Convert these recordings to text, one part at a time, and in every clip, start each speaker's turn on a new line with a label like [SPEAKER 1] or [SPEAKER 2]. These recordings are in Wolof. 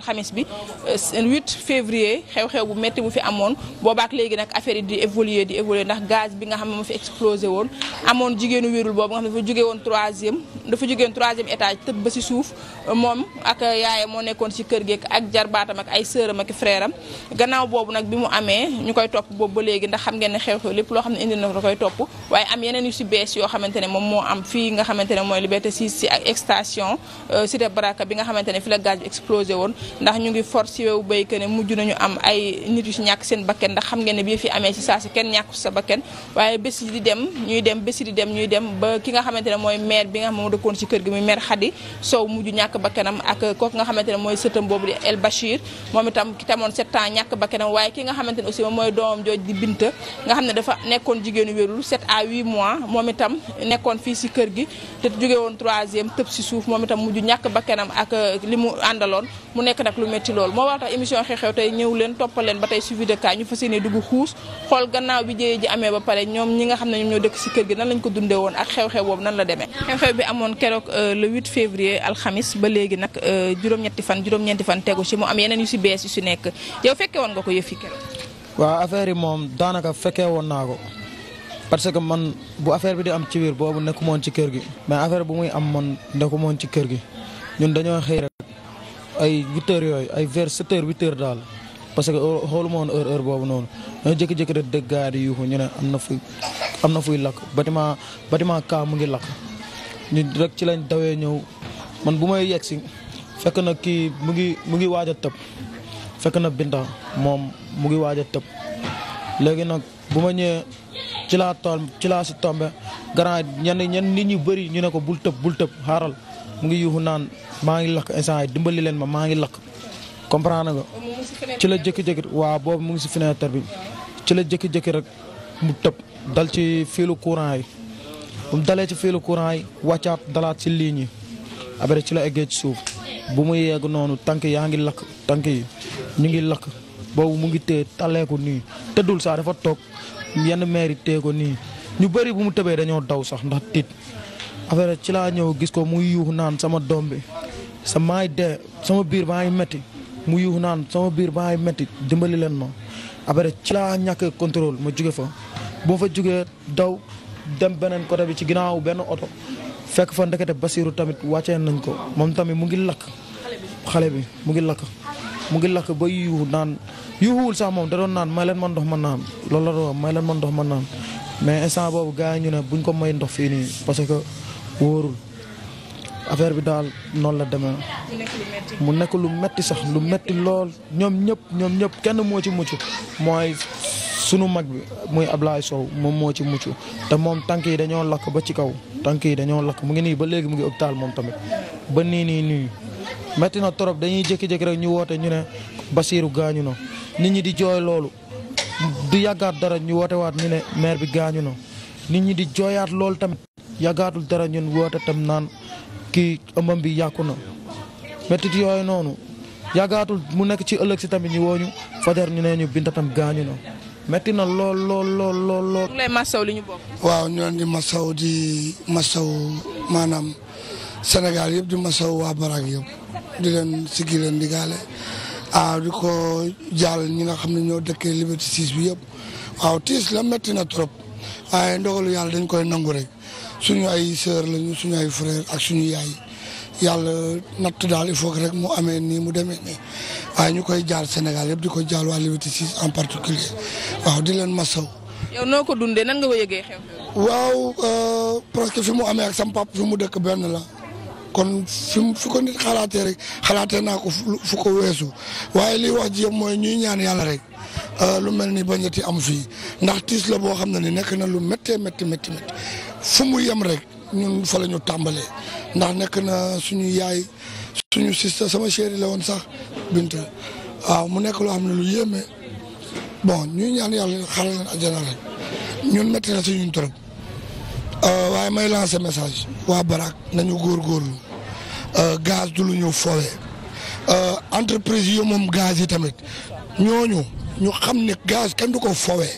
[SPEAKER 1] alxames bi 8 euh, février xew-xew bu métti bu fi amoon boobaak léegi nag affaire yi di évoluer di évoluer ndax gaz bi nga xam ne moo fi explosé woon amoon jigéenu wérul boobu nga xam ne dafa jógee woon troisième dafa jógee woon étage tëb ba si suuf moom ak yaaye moo nekkoon si kër geek ak jarbaatam ak ay sëram ak frère gannaaw boobu nag bi mu amee ñu koy topp boobu ba léegi ndax xam ngeen ne xew-xew lépp loo xam ne indi na da koy topp waaye am yeneen yu bees yoo xamante ne moom moo am fii nga xamante ne mooy liberté si si ak extension euh, cité bi nga xamante ne fi la gaz bi explosé woon ndax ñu ngi forcé wu béykat ne mujj nañu am ay nit yu si ñàkk seen bakken ndax xam ngeen ne bi fi amee si saa si kenn ñàkku sa bakken waaye bés yi di dem ñuy dem bés yi di dem ñuy dem ba ki nga xamante ne mooy maire bi nga xam ne moo dëkkoon si kër gi muy maire Khady Sow mujj ñàkk bakkenam ak kooku nga xamante ne mooy sëtam boobu di El Bachir moom itam ki tamoon sept ans ñàkk bakkenam waaye ki nga xamante ne aussi moom mooy doomam jooj di Binta nga xam ne dafa nekkoon jigéenu wérul sept à huit mois moom itam nekkoon fii si kër gi te jóge woon troisième tëb si suuf moom itam mujj ñàkk bakkenam ak li mu àndaloon nekk nag lu métti loolu moo waral tax émission xew-xew tey ñëw leen ba tey suivi de ñu fas yéene dugg xuus xool gannaaw bi jëyee ji amee ba pare ñoom ñi nga xam ne ñoom ñoo dëkk si kër gi nan lañ ko dundee woon ak xew-xew boobu nan la demee euh, nag euh, juróom-ñetti fan juróom-ñeenti fan tegu si mu am yeneen yu si bees yu si nekk yow fekkee woon nga ko yëf yi keroog
[SPEAKER 2] waaw affaire yi moom daanaka fekkee woon naa ko parce que man bu affaire bi di am ci wiir boobu nekku moon ci kër gi mais affaire bu muy am man nekku moon ci kër gi ñun dañoo xëy ay huit yooyu ay vers sept heures huit daal parce que xooluma woon heure heure boobu noonu dañoo jékki-jékki rek dégg gars yi yuuxu ñu ne am na fuy am na fuy lakk bâtiment bâtiment ka mu ngi lakk ñu rek ci lañ dawee ñëw man bu may yegg si fekk na kii mu ngi mu ngi waaj a tëb fekk na Binta moom mu ngi waaj a tëb léegi nag bu ma ñëwee ci laa tool ci laa si tombé grand ñenn ñenn nit ñu bëri ñu ne ko bul tëb bul tëb xaaral mu ngi yuuxu naan maa ngi lakk instant yi dimbali leen ma maa ngi lakk comprendre nga ci la jëkki-jëkki waaw boobu mu ngi si fenêtre bi ci la jëkki-jëkki rek mu tëb dal ci fiilu courant yi bu mu dalee ci fiilu courant yi wàccaat dalaat ci ligne yi après ci la eggee ci suuf bu mu yegg noonu tànk yaa ngi lakk tànk yi ñu ngi lakk boobu mu ngi téye talee nii tëddul saa dafa toog yenn maire yi ko nii ñu bëri bu mu tëbee dañoo daw sax ndax tiit affaire ci laa ñëw gis ko muy yuux naan sama doom bi sa maay dee sama biir baa ngi métti mu yuux naan sama biir baa ngi métti dimbali leen ma après ci laa ñàkk contrôle ma jóge fa boo fa jógee daw dem beneen côté bi ci ginnaaw benn oto fekk fa ndekete Basiru tamit wàccee nañ ko moom tamit mu ngi lakk xale bi mu ngi lakk mu ngi lakk bay yuuxu naan yuuxuwul sax moom da doon naan may leen man ndox ma naan loolu la doon may leen ma ndox ma naan mais instant boobu buñ ko may ndox fii wóorul affaire bi daal noonu la demee mu nekk lu metti sax lu metti lool ñoom ñëpp ñoom ñëpp kenn moo ci mucc mooy sunu mag bi muy Ablaye Sow moom moo ci mucc te moom tànk yi dañoo lakk ba ci kaw tànk yi dañoo lakk mu ngi nii ba léegi mu ngi hôpital moom tamit ba nii nii nii metti na trop dañuy jékki-jékki rek ñu woote ñu ne basiiru gaañu noo nit ñi di jooy loolu du yàggaat dara ñu woote waat ñu ne maire bi gaañu na nit ñi di jooyaat loolu tamit yàggaatul dara ñun woote tam naan kii ëmbam bi yàqu na méttit yooyu noonu yàggaatul mu nekk ci ëllëg si tamit ñi wooñu ñu fajar ñu nee ñu binda tam gaañu na metti na lool lool lool lool lool. lay waaw ñu leen di masaw di masaw
[SPEAKER 3] maanaam Sénégal yëpp di masaw waa Barak di leen siggi leen di gaale ah di ko jàll ñi nga xam ne ñoo dëkkee Liberté 6 bi yëpp waaw tiis la métti na trop waaye ndogalu yàlla dañ koy nangu rek. suñu ay sœur lañu suñu ay frère ak suñu yaay yàlla natt daal il faut que rek mu amee nii mu demee nii waaye ñu koy jaar Sénégal yëpp di ko jaar waa Liberté en particulier waaw di leen masaw.
[SPEAKER 1] yow noo ko dundee nan nga ko yëgee xew.
[SPEAKER 3] waaw euh, presque fi mu amee ak sam pap fi mu dëkk benn la. kon fi mu fi ko nit xalaatee rek xalaatee naa ko fu ko weesu waaye li wax ji yëpp mooy ñuy ñaan yàlla rek euh, lu mel ni bañati am fii ndax tiis la boo xam ne ni nekk na lu méttee métti métti métti fu mu yem rek ñun fa la tàmbalee ndax nekk na suñu yaay suñu sista sama chéri la woon sax Binta waaw mu nekk loo xam ne lu yéeme bon ñuy ñaan yàlla xaral leen àjjana rek ñun métti na si trop euh, waaye may lancer message waa Barak nañu góor góor góorgóorlu Euh, gaz du lu ñu foowee euh, entreprise yi moom gaz yi tamit ñooñu ñu xam ne gaz kenn du ko foowee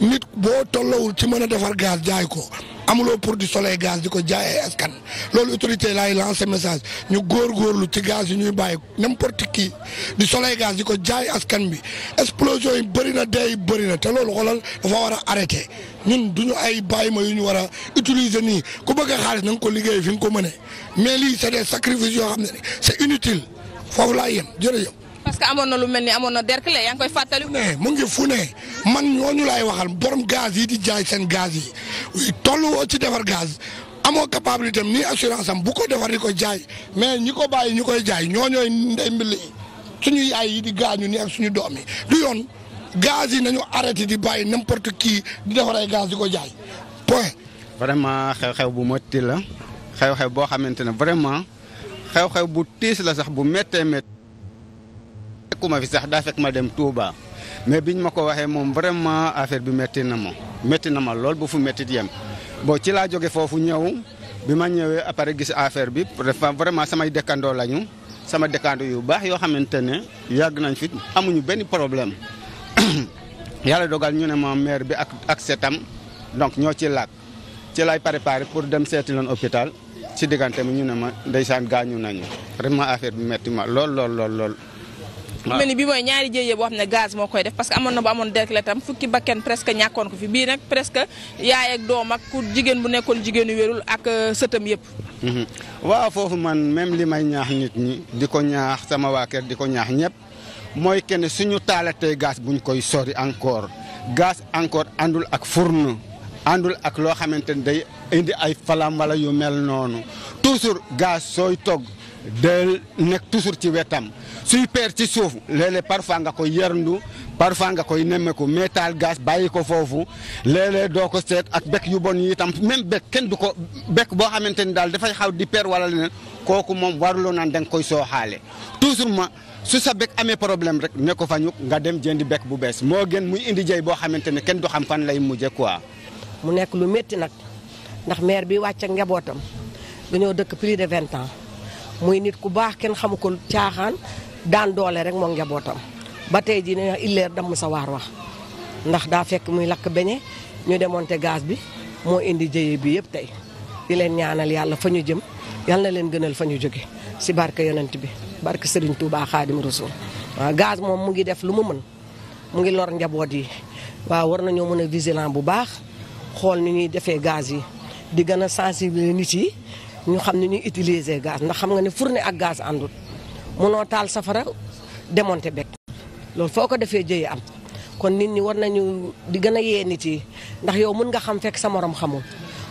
[SPEAKER 3] nit boo tollawul ci mën a defar gaz jaay ko amuloo pour di soleil gaz di ko jaayee askan loolu autorité laay lancé message ñu lu ci gaz yi ñuy bàyyi n'importe qui du soleil gaz di ko jaay askan bi explosion yi bëri na dee yi bëri na te loolu xoolal dafa war a arrêté ñun duñu ay bàyyi ma yu ñu war a utiliser nii ku bëgg a xaalis na nga ko liggéey fi nga ko mënee mais lii c'est des sacrifices yoo xam ne c'est inutile foofu laa yem jërëjëf.
[SPEAKER 1] parce que amoon na lu mel ni amoon na derkle yaa ngi koy fàttali. ne mu ngi fu ne
[SPEAKER 3] man ñooñu laay waxal borom gaz yi di jaay seen gaz yi tolluwoo ci defar gaz amoo capacité am nii assurance am bu ko defar di ko jaay mais ñi ko bàyyi ñi koy jaay ñooñooy ndey mbili suñu yaay yi di gaañu nii ak suñu doom yi du yoon gaz yi nañu arrêté di bàyyi n'importe qui di defar ay gaz di ko jaay
[SPEAKER 4] point. vraiment xew-xew bu motti la xew-xew boo xamante ne vraiment xew-xew bu tiis la sax bu méttee méttee. nekkuma fi sax daa fekk ma dem Touba mais ñu ma ko waxee moom vraiment affaire bi métti na ma métti na ma lool bu fu métti yem boo ci laa jóge foofu ñëw bi ma ñëwee après gis affaire bi vraiment samay dëkkandoo lañu sama dëkkandoo yu baax yoo xamante ne yàgg nañ fi amuñu benn problème yàlla dogal ñu ne ma maire bi ak ak setam donc ñoo ci laag ci laay lay préparé pour dem seeti leen hôpital ci diggante mi ñu ne ma ndeysaan gaañu nañu vraiment affaire bi métti ma lool lool lool lool. waaw
[SPEAKER 1] ah. mel ni bi mooy ñaari jéyee boo xam ne gaz moo koy def parce que amoon na bu amoon derkle tam fukki bakken presque ñàkkoon ko fi bii nag presque yaay ak doom ak ku jigéen bu nekkoon jigéenu wérul ak euh, sëtam yëpp
[SPEAKER 4] mhm. waaw foofu man même li may ñaax di ko ñaax sama waa di ko ñaax ñëpp mooy kenn suñu taalatee gaz buñ koy sori encore gaz encore àndul ak fourneau àndul ak loo xamante ne day indi ay falam wala yu mel noonu toujours gaz sooy togg de nekk toujours ci wetam suy peer ci suuf léeg-léeg parfois nga koy yërndu parfois nga koy nemmeeku métal gaz bàyyi ko foofu léeg doo ko seet ak bekk yu bon yi itam même bekk kenn du ko bekk boo xamante ni daal dafay xaw di peer wala leneen kooku moom waruloo naan da koy sooxaale toujours su sa bekk amee problème rek ne ko fa ñu nga dem jëndi bekk bu bees moo gën muy indi jëy boo xamante ne kenn du xam fan lay mujje quoi.
[SPEAKER 5] mu nekk lu métti nag ndax maire bi wàcc ak njabootam dañoo dëkk plus de vingt ans. muy nit ku baax kenn xamu caaxaan daan doole rek moom njabootam ba tey jii ne illeer damm sa waar wax ndax daa fekk muy lakk beñe ñu démonté gaz bi moo indi jëye bi yëpp tey di leen ñaanal yàlla fa ñu jëm yàlla na leen gënal fa ñu jóge si barke yonent bi barke Serigne Touba Xaadim Rasul waaw gaz moom mu ngi def lu mu mën mu ngi lor njaboot yi waaw war nañoo mën a vigilant bu baax xool ni ñuy defee gaz yi di gën a sensibiliser nit yi ñu xam ne ñuy utiliser gaz ndax xam nga ne fourne ak gaz àndul munoo taal safara démonter bet loolu foo ko defee jëye am kon nit ñi war nañu di gën a yee nit yi ndax yow mën nga xam fekk sa moroom xamul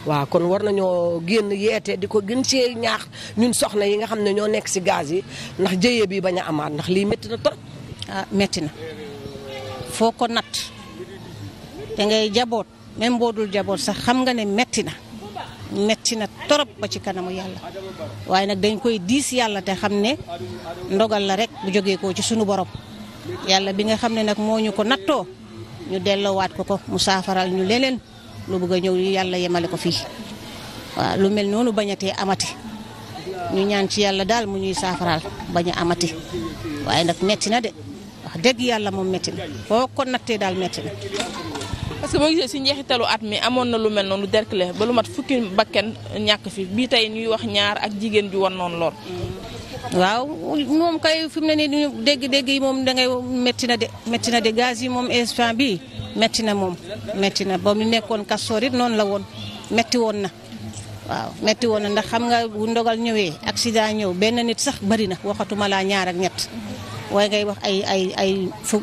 [SPEAKER 5] waaw kon war nañoo génn yeete di ko gën si ñaax ñun soxna yi nga xam ne ñoo nekk si gaz yi ndax jëye bi bañ a amaat ndax lii métti
[SPEAKER 6] na trop. ah métti na foo ko natt da ngay jaboot même boodul dul jaboot sax xam nga ne métti na. metti na torop ba ci kanamu yàlla waaye nag dañ koy diis yàlla te xam ne ndogal la rek bu jógee ko ci sunu borom yàlla bi nga xam ne nag moo ñu ko nattoo ñu delloowaat ko ko mu saafaral ñu leneen lu bëgg a ñëw yàlla yemale ko fii waaw lu mel noonu bañatee amati ñu ñaan ci yàlla daal mu ñuy saafaral bañ a amati waaye nag metti na de dëgg yàlla moom metti na
[SPEAKER 1] foo ko nattee daal metti parce que si njeexitalu at mi amoon na lu mel noonu Derklé ba lu mat fukki bakken ñàkk fi bii tey ñuy wax ñaar ak jigéen ju wan noonu lor.
[SPEAKER 6] waaw moom kay fi mu ne nii ñu dégg-dégg yi moom dangay métti na métti na de gaz yi moom instant bii métti na moom métti na ba mu nekkoon kastoor it noonu la woon métti woon na. waaw métti woon na ndax xam nga ndogal ñëwee accident ñëw benn nit sax bari na waxatuma laa ñaar ak ñett waaye ngay wax ay ay ay fu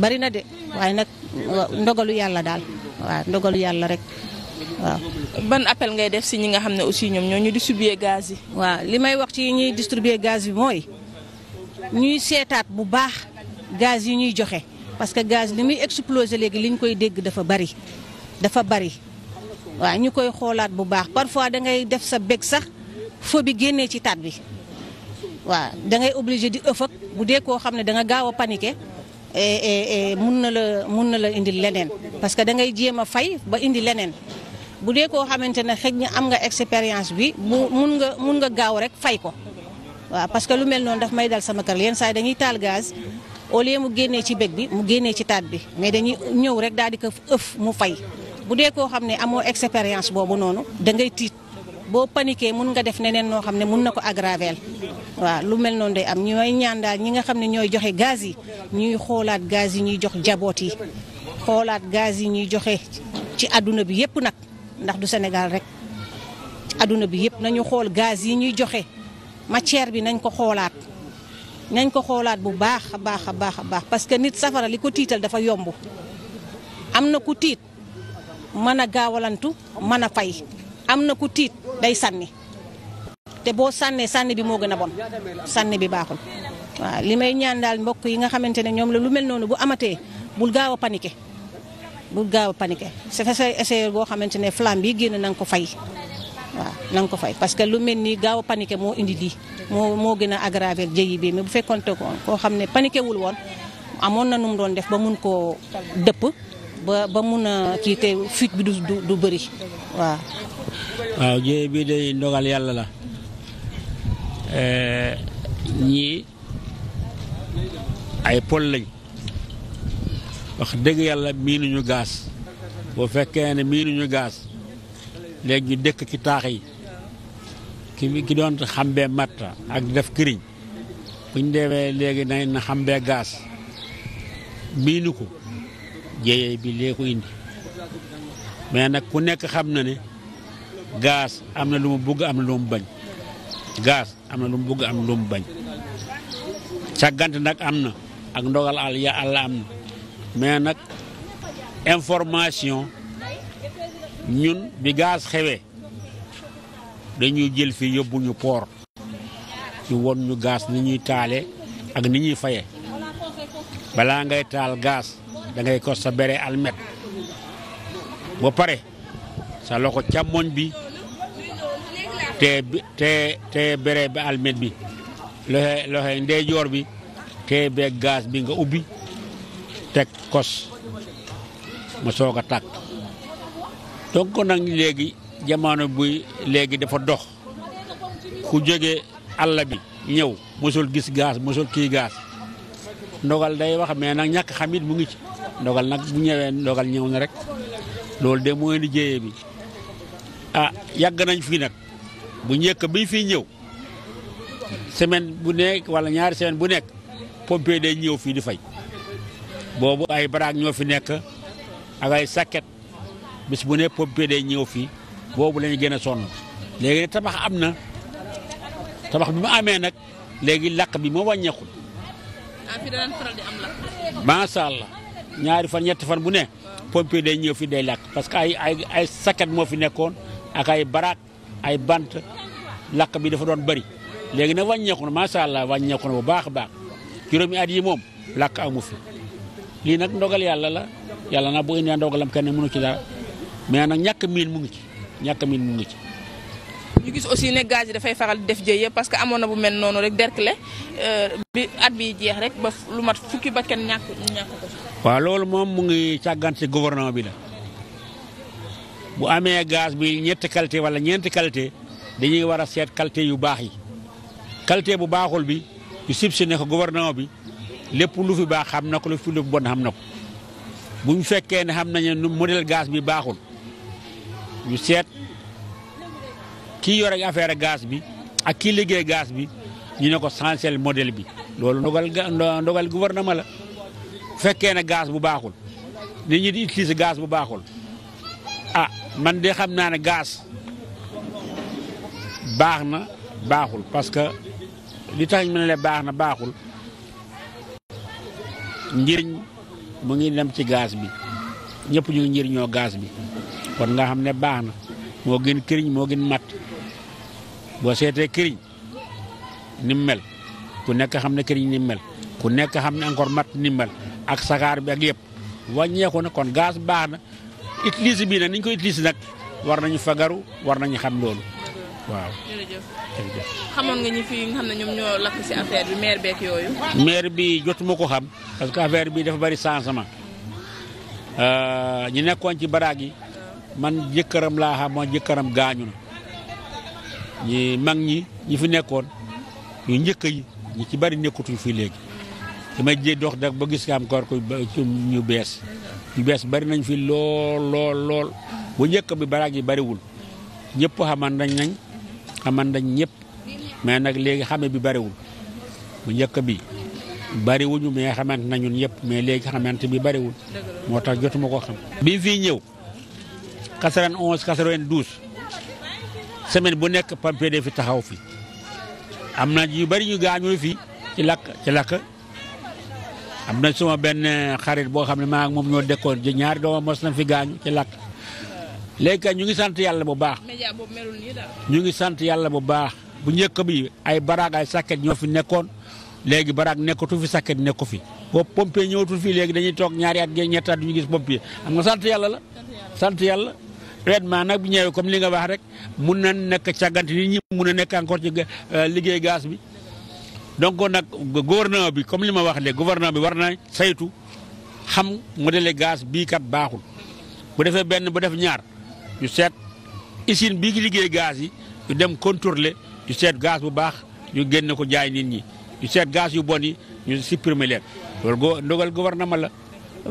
[SPEAKER 6] bari na de. waaye nag ndogalu yàlla daal waaw
[SPEAKER 1] ndogalu yàlla
[SPEAKER 6] rek waaw.
[SPEAKER 1] ban appel ngay def si ñi nga xam ne aussi ñoom ñoo ñu distribuer gaz yi. waa li may wax ci ñuy distribuer gaz yi mooy ñuy seetaat bu
[SPEAKER 6] baax gaz yi ñuy joxe parce que gaz li muy exploser léegi liñ koy dégg dafa bari dafa bari waaw ñu koy xoolaat bu baax parfois da ngay def sa beg sax fo bi génnee ci taat bi waaw dangay ngay di ëff bu dee koo xam ne da nga gaaw a paniqué. Eh, eh, eh, mun na la mun na la indil leneen parce que da ngay jéem a fay ba indi leneen bu dee koo xamante ne xëj na am nga expérience bi mu mun nga mun nga gaaw rek fay ko waaw parce que lu mel noonu daf may dal sama kër yenn saa yi dañuy taal gaz au lieu mu génnee ci bég bi mu génnee ci taat bi mais dañuy ñëw rek daal di ko ëf mu fay bu dee koo xam ne amoo expérience boobu noonu da ngay tiit. boo paniqué mun nga def neneen noo xam ne mun na ko aggraver waaw lu mel noonu day am ñooy ñaan daal ñi nga xam ne ñooy joxe gaz yi ñuy xoolaat gaz yi ñuy jox jaboot yi xoolaat gaz yi ñuy joxe ci àdduna bi yëpp nag ndax du senegal rek ci àdduna bi yëpp nañu xool gaz yi ñuy joxe matière bi nañ ko xoolaat nañ ko xoolaat bu baax a baax a baax a baax parce que nit safara li ko tiital dafa yomb am na ku tiit mën a gaawalantu mën a fay am na ku tiit day sanni te boo sannee sànni bi moo gën a bon sànni bi baaxul waaw li may ñaan daal mbokk yi nga xamante ne ñoom la lu mel noonu bu amatee bul gaaw a panike bul gaaw a paniqué sa boo xamante ne flamme bi génn na ko fay waaw ko fay parce que lu mel nii gaaw a moo indi lii moo moo gën a aggraver jëyi bi mais bu fekkonte ko koo xam ne paniqué wul woon amoon na num mu doon def ba mun koo dëpp ba ba mun a kii te fuite bi du du bëri waaw
[SPEAKER 7] waaw jëye bii day ndogal yàlla la eh, ñii ay pol lañ wax dëgg yàlla miinuñu gaas bu fekkee ne miinuñu gaas léegi ñu dëkk ci taax yi ki ki doon xambee matt ak def këriñ buñ demee léegi nañ na xambee gaas miinu ko jéyee bi lee ko indi mais nag ku nekk xam na ne gaz am na lu mu bugg am na lu mu bañ gaz am na lu mu bugg am lu mu bañ càggante nag am na ak ndogal àll ya àll am na mais nag information ñun bi gaz xewee dañuy jël fii yóbbu ñu port ñu won ñu gaz ni ñuy taale ak ni ñuy faye balaa ngay taal gaz dangay ngay ko sa bere almet ba pare sa loxo càmmoñ bi te te te almet bi loxe loxe ndeyjoor bi te be gaz bi nga ubbi teg kos ma soog a tàkk donc nag léegi jamono buy léegi dafa dox ku jóge àll bi ñëw mosul gis gaz mosul kii gaz ndogal day wax mais nag ñàkk xamit mu ngi ci ndogal nag bu ñëwee ndogal ñëw na rek loolu de mooy liggéey bi ah yàgg nañ fii nag bu njëkk bi fii ñëw semaine bu nekk wala ñaari semaine bu nekk pompier day ñëw fii di fay boobu ay baraag ñoo fi nekk ak ay sàkket bis bu ne pompier day ñëw fii boobu lañu gën a sonn léegi tabax am na tabax bi mu amee nag léegi lakk bi ma wàññeekul. ah ñaari fan ñetti fan bu ne pompier day ñëw fii day lakk parce que ay ay ay sàkket moo fi nekkoon. ak ay baraak ay bant lakk bi dafa doon bëri léegi nag wàññeeku na macha allah wàññeeku na bu baax a baax juróomi at yi moom lakk amu fi lii nag ndogal yàlla la yàlla na bu indee ndogalam kenn mënu ci dara mais nag ñàkk miin mu ngi ci ñàkk miin mu ngi ci.
[SPEAKER 1] ñu gis aussi ne gaz yi dafay faxal di def jëye parce que amoon na bu mel noonu rek derkle euh, bi at bi jeex rek lu mat fukki ba kenn ñàkk ñàkk ko.
[SPEAKER 7] waaw loolu moom mu ngi càggante ci gouvernement bi la. bu amee gaz bi ñetti qualité wala ñeenti qualité dañuy war a seet qualité yu baax yi qualité bu baaxul bi ñu ne ko gouvernement bi lépp lu fi baax xam na ko lu fi bon xam na ko bu ñu fekkee ne xam nañu ne modèle gaz bi baaxul ñu seet kii yore affaire gaz bi ak kii liggéey gaz bi ñu ne ko changer modèle bi loolu ndogal ndogal gouvernement la fekkee ne gaz bu baaxul nit ñi di utiliser gaz bu baaxul. ah man de xam naa ne gaz baax na baaxul parce que li tax ñu ne baax na baaxul njëriñ mu ngi dem ci gaz bi ñëpp ñu ngi njëriñoo gaz bi kon nga xam ne baax na moo gën këriñ moo gën mat boo seetee këriñ ni mu mel ku nekk xam ne këriñ ni mu mel ku nekk xam ne encore mat ni mel ak sakaar bi ak yëpp wàññeeku na kon gaz baax na. utilise bii nag ni ñu ko utilise nag war nañu fagaru war nañu xam loolu waaw.
[SPEAKER 1] xamoon nga ñi fi nga xam ne ñoom ñoo lakk si affaire bi maire beeg yooyu.
[SPEAKER 7] maire bi jotuma ko xam parce que affaire bi dafa bari changement euh, ñi nekkoon ci baraag yi man jëkkëram laa xam mooy jëkkëram gaañu ñi mag ñi ñi fi nekkoon ñu njëkk yi ñi ci bari nekkatuñ fii léegi. dama jé dox dak ba gis nga am koor ku ñu bees ñu bees bari nañ fi lool lool lool bu njëkk bi baraag yi bariwul ñëpp xaman nañ nañ xaman nañ ñëpp mais nag léegi xame bi bariwul bu njëkk bi bariwuñu mais xamante nañu ñëpp mais léegi xamante bi bariwul moo tax jotuma ko xam bi fii ñëw 91 92 semaine bu nekk Pampé de fi taxaw fi am na yu bari ñu gaañu fi lakk ci lakk am na suma benn xarit boo xam ne maa ak moom ñoo dekkoon ji ñaari doomam mos na fi gaañ ci lakk léegi ñu ngi sant yàlla bu baax. ñu ngi sant yàlla bu baax. bu njëkk bi ay baraag ay sàkket ñoo fi nekkoon léegi baraag nekkatu fi sàkket nekku fi boo pompier ñëwatul fii léegi dañuy toog ñaari at ñetti at ñu gis pompier am nga sant yàlla la. sant yàlla traitement nag bu ñëwee comme li nga wax rek mun na nekk càggante nit ñi mun a nekk encore ci euh, liggéey gaz bi. donc nag gouvernement bi comme li ma wax léegi gouvernement bi war na saytu xam mu dele gaz bii kat baaxul bu defee benn bu def ñaar ñu seet usine bii ki liggéey gaz yi ñu dem contrôler ñu seet gaz bu baax ñu génn ko jaay nit ñi ñu seet gaz yu bon yi ñu supprimer leen loolu go la.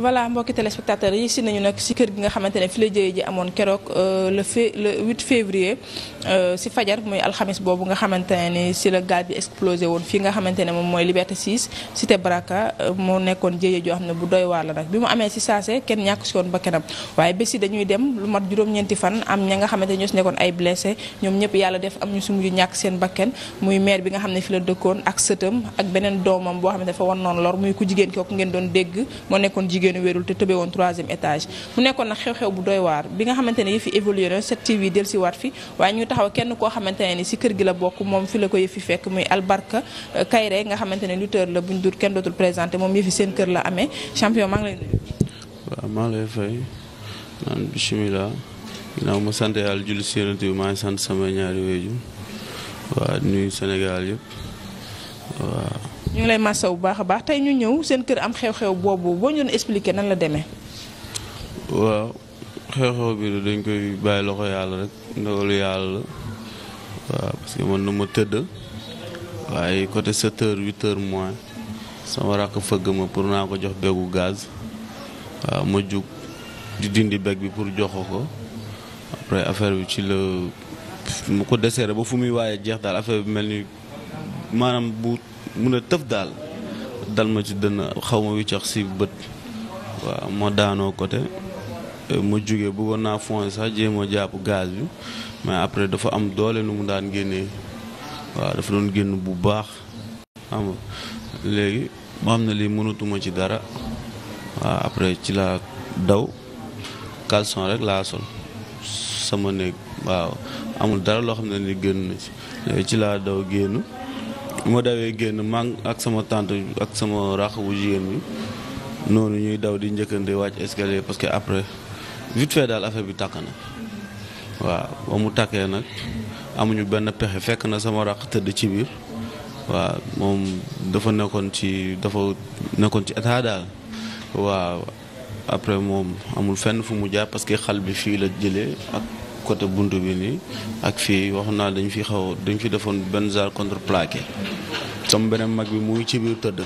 [SPEAKER 1] voilà mbokki téléspectateurs yi si nañu nag si kër gi nga xamante ne fi la jëye ji amoon keroog euh, le fé le 8 février euh, si fajar muy alxamis boobu nga xamante ne si la gaal bi explosé woon fii nga xamante ne moom mooy Liberté 6 cité Baraka euh, moo nekkoon jëye joo xam ne bu doy waar la nag bi mu amee si saase kenn ñàkk si woon ba waaye bés yi dañuy dem lu mat juróom-ñeenti fan am ña nga xamante ne ñoo si nekkoon ay blessé ñoom ñëpp yàlla def am ñu si mujj ñàkk seen bakkan muy maire bi nga xam ne fi la dëkkoon ak sëtam ak beneen doomam boo xam ne dafa wan noonu lor muy ku jigéen kooku ngeen doon dégg jigéenu wérul te tëbe woon troisième étage mu nekkoon nag xew-xew bu doy waar bi nga xamante ne yëfi évolué na 7TV delsi waat fi waaye ñu taxaw kenn koo xamante ne ni si kër gi la bokk moom fi la ko yëfi fekk muy Albarka euh, Kayre nga xamante ne lutteur la buñ dul kenn dootul présenté moom yëfi seen kër la amee champion maa ngi lay nuyu.
[SPEAKER 8] waaw maa lay fay naan bisimilah ginnaaw ma sant yàlla julli si yonent maa ngi sant sama ñaari wéju waa nuyu Sénégal yëpp waaw.
[SPEAKER 1] ñu ngi lay massa bu baax a baax tey ñu ñëw seen kër am xew-xew boobu boo ñu doon expliquer nan la demee.
[SPEAKER 8] waaw xew-xew bi dañ koy bàyyi loxo yàlla rek ndogalu yàlla la waaw parce que nu ma tëdd waaye côté 7 heures 8 heures moins sama rakk fëgg ma pour naa ko jox begu gaz waaw ma jug di dindi beg bi pour jox ko après affaire bi ci la mu ko deseere ba fu muy waaye jeex daal affaire bi mel ni. maanaam bu mun a tëf daal dal ma ci dënn xaw ma wiccax si bët waaw ma daanoo côté euh, ma jóge bëggoon naa foncé sax jéem a jàpp gaz bi mais après dafa am doole nu mu daan génnee waaw dafa doon génn bu baax xam léegi ma xam ne lii mënatuma ci dara waaw après ci laa daw caleçon rek laa sol sama néeg waaw amul dara loo xam ne ni génn na léegi ci laa daw génn bi ma dawee génn maa ak sama tante ak sama rax bu jigéen bi noonu ñuy daw di njëkkante wàcc escalier parce que après vite fait daal affaire bi tàkk na waaw ba mu tàkkee nag amuñu benn pexe fekk na sama rax tëdd ci biir waa moom dafa nekkoon ci dafa nekkoon ci état daal waaw après moom amul fenn fu mu jaar parce que xal bi fii la jëlee ak côté bunt bi nii ak fii wax naa dañ fi xaw dañ fi defoon benn genre contreplaqué sama beneen mag bi muy ci biir tëdd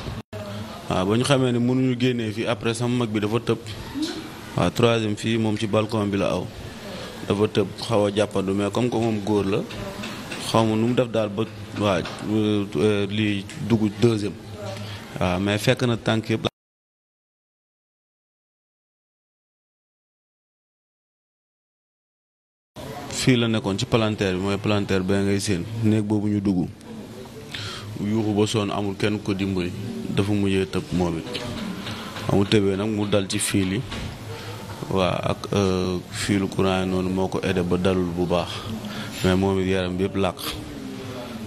[SPEAKER 8] waaw ba ñu xamee ne mënuñu génnee fii après sama mag bi dafa tëb waa troisième fii moom ci balcon bi la aw dafa tëb xaw a jàppandu mais comme que moom góor la xaw ma nu mu def daal ba waa euh, euh, lii dugg deuxième waaw mais fekk na
[SPEAKER 2] tànk yëpp fii la nekkoon ci palanteer bi mooy palanteer ba ngay seen néeg
[SPEAKER 8] boobu ñu dugg yuuxu ba sonn amul kenn ko dimbali dafa mujjee tëb moom it nag mu dal ci fiil yi waa ak euh, fiilu courant noonu moo ko aidé ba dalul bu baax mais moom it yaram bi yëpp làq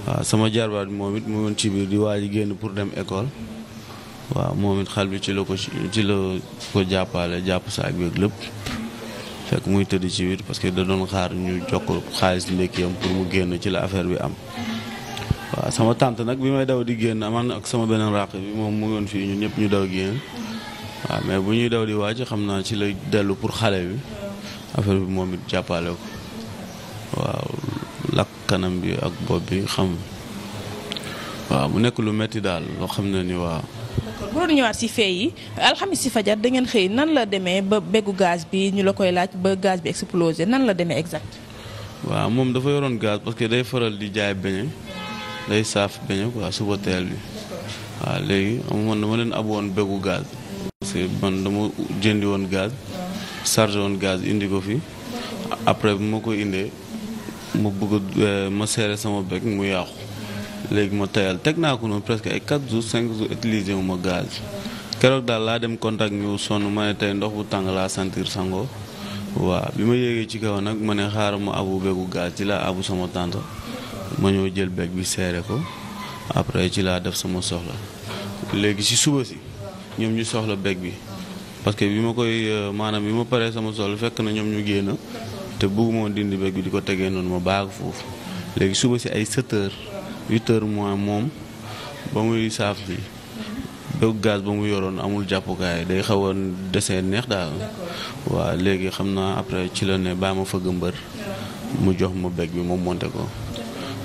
[SPEAKER 8] waaw sama jarbaat bi moom it mu woon ci biir di waaj génn pour dem école waaw moom it xal bi ci la ko ci la ko jàppale jàpp ak beeg lépp fekk muy tëdd ci biir parce que da doon xaar ñu jokk xaalis ndékkiyam pour mu génn ci la affaire bi am. waaw sama tànt nag bi may daw di génn man ak sama beneen ràq bi moom mu yoon ñun ñëpp ñu daw génn waaw mais bu ñuy daw di waaj xam naa ci la dellu pour xale bi affaire bi moom it jàppale ko waaw lakk kanam bi ak bopp bi xam waaw mu nekk lu metti daal loo xam ne ni waaw.
[SPEAKER 3] d'accord bu
[SPEAKER 1] si fee yi alxamis si fajar da ngeen xëy nan la demee ba beggu gaz bi ñu la koy laaj ba gaz bi explosé nan la demee exact
[SPEAKER 8] waaw moom dafa yoroon gaz parce day faral di jaay beñe day saaf beñe quoi suba teel bi waaw léegi man dama leen ab woon beggu gaz parce man dama jëndi woon gaz chargé woon gaz indi ko fi après bu ma ko indee ma bëgg eh, ma seere sama beg mu yàqu léegi ma tayal teg naa ko noonu presque ay quatre jours 5 jours utilisé wu ma gaz keroog daal laa dem contact ñu sonn ma ne tey ndox bu tàng laa sentir sango waaw bi ma yéegee ci kaw nag ma ne xaaral ma abu beegu gaz ci laa abu sama tànt ma ñëw jël beeg bi seere ko après ci laa def sama soxla léegi si suba si ñoom ñu soxla beeg bi parce que bi ma koy euh, maanaam bi ma paree sama soxla fekk na ñoom ñu génn te bëgguma dindi beeg bi di ko tegee noonu ma baagu foofu léegi suba si ay 7 huit mois moins moom ba muy saaf bi bëgg gaz ba mu yoroon amul jàppukaay day xaw a desee neex daal waaw léegi xam naa après ci la ne baa ma fëgg mbër mu jox ma beg bi moom monte ko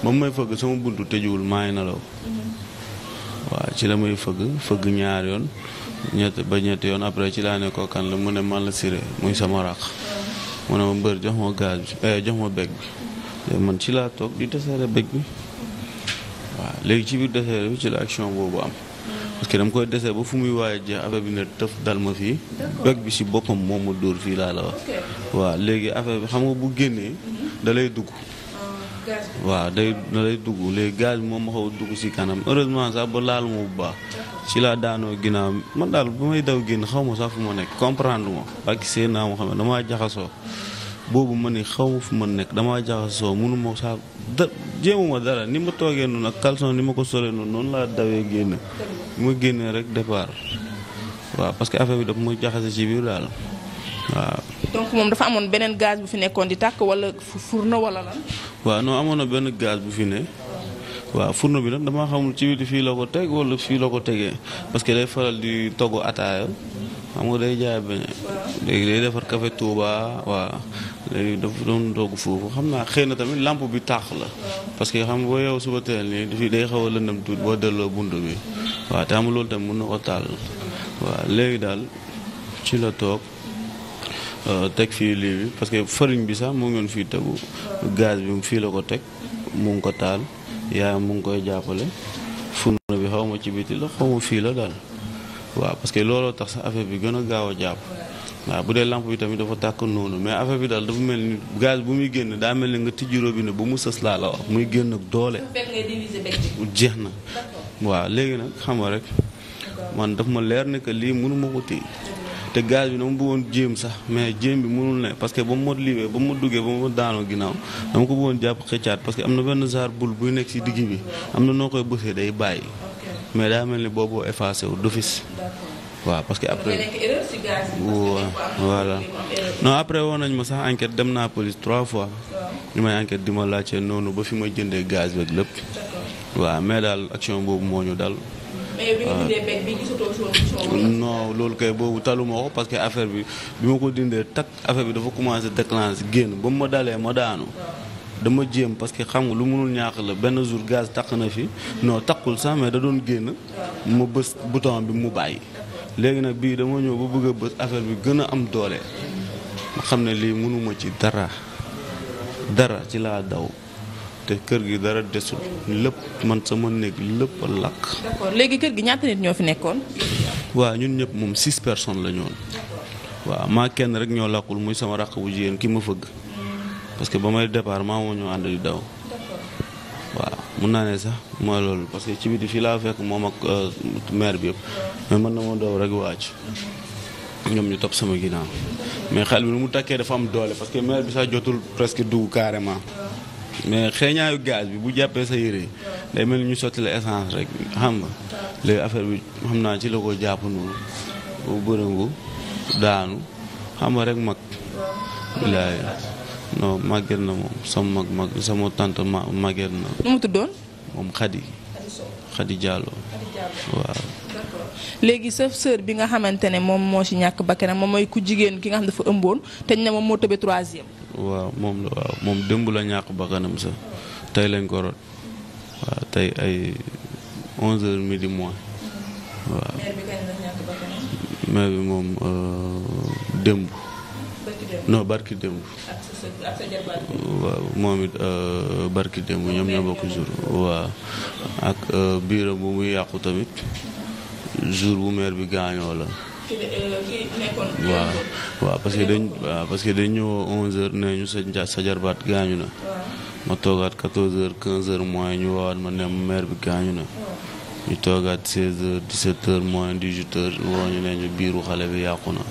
[SPEAKER 8] moom may fëgg sama buntu tëjuwul maa ngi nelaw mm-hmm. waaw ci la may fëgg fëgg ñaar yoon ñett ba ñett yoon après ci laa ne ko kan la mu ne mal la siré muy sama raq mm-hmm. mu ne ma mbër jox ma gaz bi eh, jox ma beg bi mm-hmm. man ci laa toog di tasaare beg bi waaw léegi ci biir désert bi ci la action boobu am. Hmm. parce que koy dese ba fu muy waaye jeex affaire bi ne tëf dal ma fii. beg bi si boppam moom ma dóor fii laa la wax. waaw léegi affaire bi xam nga bu génnee. Hmm. da lay dugg.
[SPEAKER 1] Ah, waaw day
[SPEAKER 8] dalay dugg léegi gaz bi moom ma xaw dugg si kanam heureusement sax ba laal ma bu baax. ci laa daanoo ginnaaw man daal bu may daw génn xaw ma sax fu ma nekk comprendre ma. ak seen naa ma xam ne damaa jaxasoo hmm. boobu ma ni xaw ma fu ma nekk damaa jaxasoo mënu ma sax. da jéemuma dara ni ma toogee noonu ak caleçon ni ma ko solee noonu noonu laa dawee génn ma génne rek départ waaw parce que affaire bi daf ma jaxase ci biir daal waaw.
[SPEAKER 1] donc moom dafa amoon beneen gaz bu fi nekkoon di tàkk wala fourneau wala lan.
[SPEAKER 8] waaw benn gaz bu fi ne. waaw fourneau bi nag dama xamul ci biir fii la ko teg wala fii la ko tegee parce que day faral di togg ataaya xam nga day jaay beñe léegi day defar café Touba waaw léegi dafa doon doog foofu xam naa xëy na tamit làmp bi tàq la parce que xam boo yow suba teel nii dafii day xaw a lëndëm tuut boo delloo bunt bi waaw te amul loolu tamit mën na ko taal waaw léegi daal ci la toog euh, teg fii lii bi parce que farine bi sax moo ngeen fii tegu gaz bi fii la ko teg mu ngi ko taal yaayam mu ngi koy jàppale fourneau bi xaw ma ci biti la xaw ma fii la daal waaw parce que looloo tax sa affaire bi gën a gaaw a jàpp waaw bu dee lamp bi tamit dafa tàkk noonu mais affaire bi daal dafa mel ni gaz bu muy génn daa mel ni nga tijji robinet bu mu sës laa la wax muy génn doole. jeex na. waaw léegi nag xam nga rek man daf ma leer ne que lii mënu ma ko téye te gaz bi dama bëggoon jéem sax mais jéem bi mënul ne parce que ba mu ma liwee ba mu ma duggee ba mu ma daanoo ginnaaw dama ko bëggoon jàpp xëccaat parce que am na benn genre bul buy nekk si digg bi am na noo koy bësee day bàyyi mais daa mel ni booboo effacé wu d'office. waaw parce que après voilà non après woon nañ ma sax enquête dem naa police trois fois ñu may enquête di ma laajte noonu ba fi ma jëndee gaz beeg lépp waaw mais daal action boobu moo ñu dal non loolu kay boobu taluma ko parce que affaire bi bi ma ko dindee tak affaire bi dafa commencé déclencher génn ba mu ma dalee ma daanu dama jéem parce que xam nga lu mënul ñaax la benn jour gaz taq na fi non taqul sax mais da doon génn ma bës bouton bi mu bàyyi léegi nag bii dama ñëw ba bëgg a bës affaire bi gën a am doole ma xam ne lii mënuma ci dara dara ci laa daw te kër gi dara desul lépp man sama néeg lépp a lakk.
[SPEAKER 1] léegi kër gi ñaata nit ñoo fi nekkoon.
[SPEAKER 8] waaw ñun ñëpp moom six personnes la ñoon waaw maa kenn rek ñoo lakkul muy sama rakk bu jigéen ki ma fëgg parce que ba may départ maa moo ñoo ànd di daw waaw. mun naa ne sax mooy loolu parce que ci biti fii laa fekk moom ak euh, maire bi yëpp mais mën na moo daw rek waaj ñoom ñu topp sama ginnaaw mais xel bi nu mu takkee dafa am doole parce que bi sax jotul presque dugg carrément mais xeeñaayu gaz bi bu jàppee sa yére day mel ni ñu sotti la essence rek xam nga léegi affaire bi xam naa ci la ko jàpp noonu bu bërëngu daanu xam nga rek mag non màgget na moom sama mag mag sama tante ma màgget na. nu mu tuddoon. moom Khady. Khady Diallo waaw.
[SPEAKER 1] léegi sa sœur bi nga xamante ne moom moo ci ñàkk bakkanam moom mooy ku jigéen ki nga xam dafa ëmboon te na moom moo tëbee troisième.
[SPEAKER 8] waaw moom la waaw moom démb la ñàkk bakkanam sax tey no barki démb. waaw moom it euh, barki démb ñoom ñoo bokk jour waaw ak euh, biiram bu muy yàqu tamit jour bu meer bi gaañoo la. waaw waaw parce que dañ waaw parce que dañ ñëwoo onze heures ne ñu sa nja sa jarbaat gaañu na. ma toogaat quatorze heures quinze heures mois ñu woowaat ma ne maire bi gaañu na. ñu toogaat seize heures dix sept heures moins dix huit heures woo ñu ne ñu biiru xale bi yàqu na.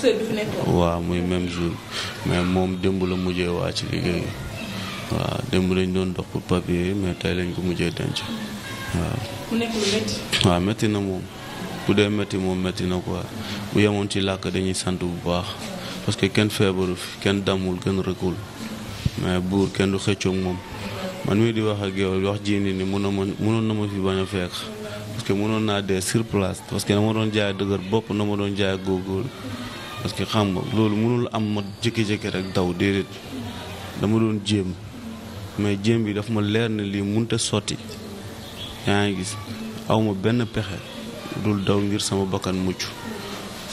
[SPEAKER 8] sër waaw muy même jour mais moom démb la mujjee waa ci liggéey waaw démb lañ doon dox pour papier mais tey lañ ko mujjee denc waaw. mu na moom bu dee métti moom métti na ko bu yemoon ci làkk dañuy sant bu baax parce que kenn feebaru fi kenn damul kenn rëkkul mais buur kenn du xëccoog moom man mii di wax ak yow wax ji ni mun na ma munoon na ma fi bañ a fekk. parce mënoon naa dee sur place parce que na ma doon jaay dëgër bopp na ma doon jaay góorgóorlu parce que xam nga loolu mënul am ma jékki-jékki rek daw déedéet dama doon jéem mais jéem bi dafa ma leer ne lii mënta sotti yaa ngi gis aw ma benn pexe lu daw ngir sama bakkan mucc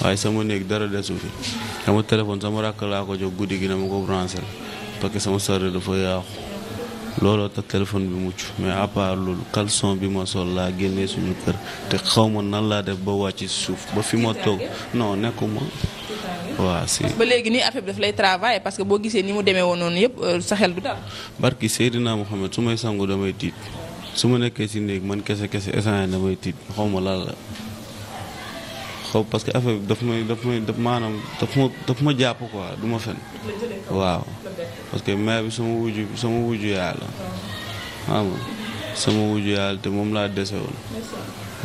[SPEAKER 8] waaye sama néeg dara desu fi sama téléphone sama rakk laa ko jox guddi gi na ma ko branché parce que sama sore dafa yaaxu looloo tax téléphone bi mucc mais à part loolu caleçon bi ma sol laa génnee suñu kër te xaw ma nan laa def ba wàcc suuf ba fi ma toog non nekkuma waaw si
[SPEAKER 1] ba léegi nii affaire bi daf lay travailler parce que boo gisee ni mu demee woon noonu yëpp euh, sa xel du dal.
[SPEAKER 8] barki Seydina Mohamed su may sangu damay tiit su ma nekkee si néeg man kese kese instant damay tiit xaw ma lan la xaw parce que affaire bi daf may daf may daf maanaam daf ma daf ma jàpp ko du ma fen waaw parce que mère bi sama wuju sama wuju la xam nga sama wuju yaay te moom laa dese woon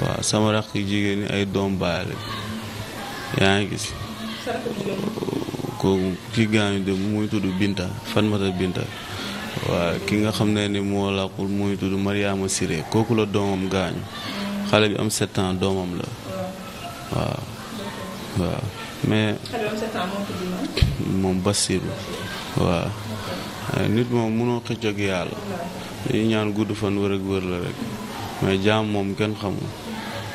[SPEAKER 8] waaw sama yi jigéen ñi ay doom baay yaa ngi gis. kooku ki gaañu de muy tudd Binta Fatmata Binta waaw ki nga xam ne ni moo làqul muy tudd Mariama Siré kooku la doomam gaañu xale bi am sept ans doomam la waaw waaw mais moom Bassirou waaw nit moom mënoo xëccoog yàlla dañuy ñaan gudd fan wër ak wër la rek mais jaam moom kenn xamul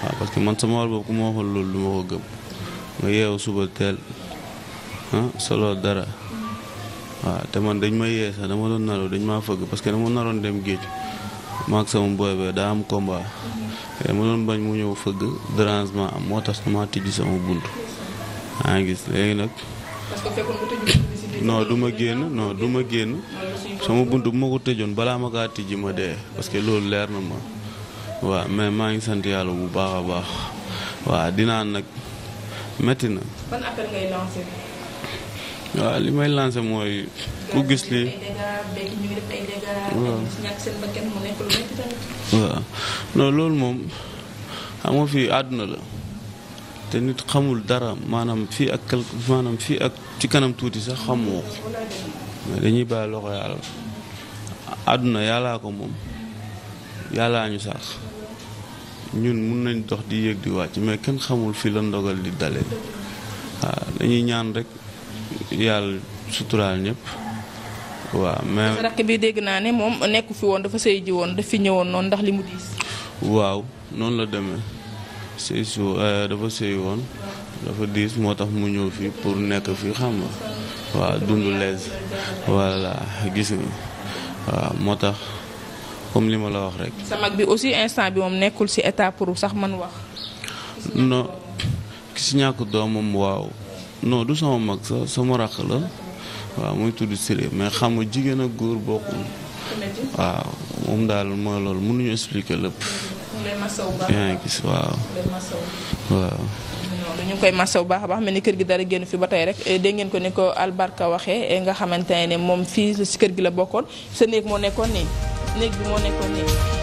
[SPEAKER 8] waaw parce man sama wàll boobu ku ma waxoon loolu du ko gëm nga yeewu suba teel solo dara waaw te man dañ ma yee sax dama doon nalaw dañ maa fëgg parce que dama naroon dem géej maag sama booy bee daa am combat dama eh, doon bañ mu ñëw fëgg dérangement am moo tax sama tijji sama bunt léegi nag non du ma génn non du ma génn sama bunt bu ma ko tëjoon balaa ma kaa tijji ma dee parce que loolu leer na ma waaw mais maa ngi sant yàlla bu baax a baax waaw dinaa nag métti na. ban waaw li may lancé mooy. ku gis lii waaw non loolu moom xam nga fii àdduna la te nit xamul dara maanaam fii ak quelque maanaam fii ak ci kanam tuuti sax xamoo ko mais dañuy bàyyi loxo yàlla àdduna yàllaa ko moom yàllaa ñu sax ñun mun nañ dox di yéeg di wàcc mais kenn xamul fi la ndogal di dale waaw dañuy ñaan rek yàlla suturaal ñëpp waaw mais
[SPEAKER 1] rakk bi dégg naa ne moom nekku fi woon dafa sëy ji woon daf fi ñëwoon noonu ndax li mu diis
[SPEAKER 8] waaw noonu la deme sëy si euh, dafa sëy woon dafa diis moo tax mu ñëw fii pour nekk fi xam waaw dund lees voilà gis nga waaw moo tax comme li ma la wax rek. sa
[SPEAKER 1] mag bi aussi instant bi moom nekkul ci état pour sax man wax.
[SPEAKER 8] non ki ci ñàkk doomam waaw non du sama mag sa sama rakk la waaw muy tudd si mais xam nga góor bokkul. waaw moom loolu mënuñu expliquer lépp. yaa ngi gis waaw. waaw.
[SPEAKER 1] ñu ngi koy baax a baax mel ni kër gi dara génn fi ba tey rek eh, dégg ngeen ko ni ko Albarka waxee eh, nga xamante ne moom fii si kër gi la bokkoon sa néeg moo nekkoon nii. néeg bi moo